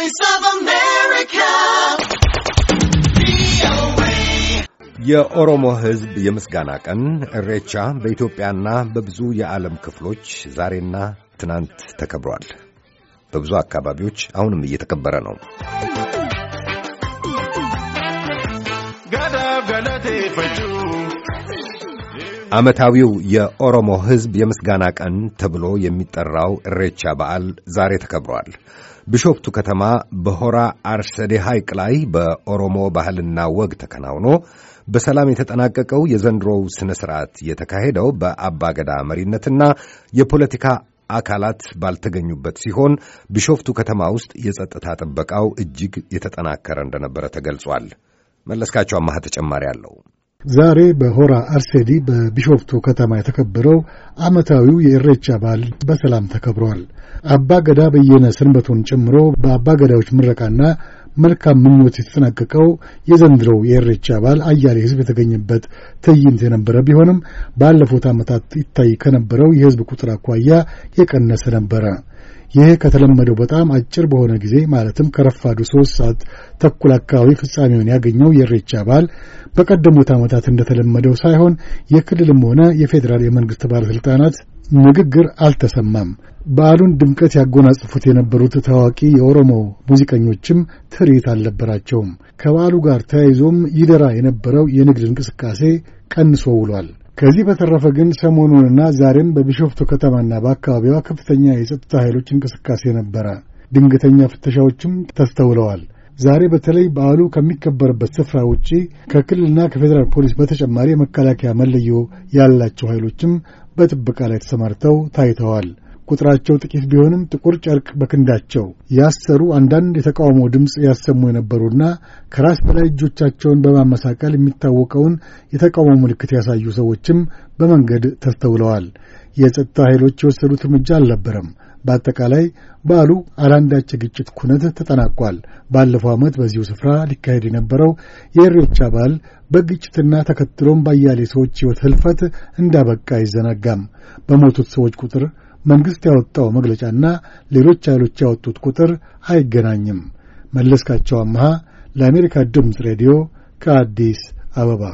Voice of America. የኦሮሞ ሕዝብ የምስጋና ቀን እሬቻ በኢትዮጵያና በብዙ የዓለም ክፍሎች ዛሬና ትናንት ተከብሯል። በብዙ አካባቢዎች አሁንም እየተከበረ ነው። ገለቴ ፈጁ ዓመታዊው የኦሮሞ ሕዝብ የምስጋና ቀን ተብሎ የሚጠራው እሬቻ በዓል ዛሬ ተከብሯል። ቢሾፍቱ ከተማ በሆራ አርሰዴ ሐይቅ ላይ በኦሮሞ ባህልና ወግ ተከናውኖ በሰላም የተጠናቀቀው የዘንድሮው ሥነ ሥርዓት የተካሄደው በአባገዳ መሪነትና የፖለቲካ አካላት ባልተገኙበት ሲሆን ቢሾፍቱ ከተማ ውስጥ የጸጥታ ጥበቃው እጅግ የተጠናከረ እንደነበረ ተገልጿል። መለስካቸው አማሃ ተጨማሪ አለው። ዛሬ በሆራ አርሴዲ በቢሾፍቱ ከተማ የተከበረው ዓመታዊው የኢሬቻ በዓል በሰላም ተከብሯል። አባ ገዳ በየነ ስንበቱን ጨምሮ በአባ ገዳዎች ምረቃና መልካም ምኞት የተጠናቀቀው የዘንድሮው የእሬቻ በዓል አያሌ ሕዝብ የተገኘበት ትዕይንት የነበረ ቢሆንም ባለፉት ዓመታት ይታይ ከነበረው የሕዝብ ቁጥር አኳያ የቀነሰ ነበረ። ይህ ከተለመደው በጣም አጭር በሆነ ጊዜ ማለትም ከረፋዱ ሶስት ሰዓት ተኩል አካባቢ ፍጻሜውን ያገኘው የእሬቻ በዓል በቀደሙት ዓመታት እንደተለመደው ሳይሆን የክልልም ሆነ የፌዴራል የመንግሥት ባለሥልጣናት ንግግር አልተሰማም። በዓሉን ድምቀት ያጎናጽፉት የነበሩት ታዋቂ የኦሮሞ ሙዚቀኞችም ትርኢት አልነበራቸውም። ከበዓሉ ጋር ተያይዞም ይደራ የነበረው የንግድ እንቅስቃሴ ቀንሶ ውሏል። ከዚህ በተረፈ ግን ሰሞኑንና ዛሬም በቢሾፍቱ ከተማና በአካባቢዋ ከፍተኛ የጸጥታ ኃይሎች እንቅስቃሴ ነበረ። ድንገተኛ ፍተሻዎችም ተስተውለዋል። ዛሬ በተለይ በዓሉ ከሚከበርበት ስፍራ ውጪ ከክልልና ከፌዴራል ፖሊስ በተጨማሪ የመከላከያ መለዮ ያላቸው ኃይሎችም በጥበቃ ላይ ተሰማርተው ታይተዋል። ቁጥራቸው ጥቂት ቢሆንም ጥቁር ጨርቅ በክንዳቸው ያሰሩ አንዳንድ የተቃውሞ ድምፅ ያሰሙ የነበሩና ከራስ በላይ እጆቻቸውን በማመሳቀል የሚታወቀውን የተቃውሞ ምልክት ያሳዩ ሰዎችም በመንገድ ተስተውለዋል። የጸጥታ ኃይሎች የወሰዱት እርምጃ አልነበረም። በአጠቃላይ በዓሉ አላንዳች የግጭት ኩነት ተጠናቋል። ባለፈው ዓመት በዚሁ ስፍራ ሊካሄድ የነበረው የእሬቻ በዓል በግጭትና ተከትሎም ባያሌ ሰዎች ሕይወት ህልፈት እንዳበቃ አይዘነጋም። በሞቱት ሰዎች ቁጥር መንግሥት ያወጣው መግለጫና ሌሎች ኃይሎች ያወጡት ቁጥር አይገናኝም። መለስካቸው አምሃ ለአሜሪካ ድምፅ ሬዲዮ ከአዲስ አበባ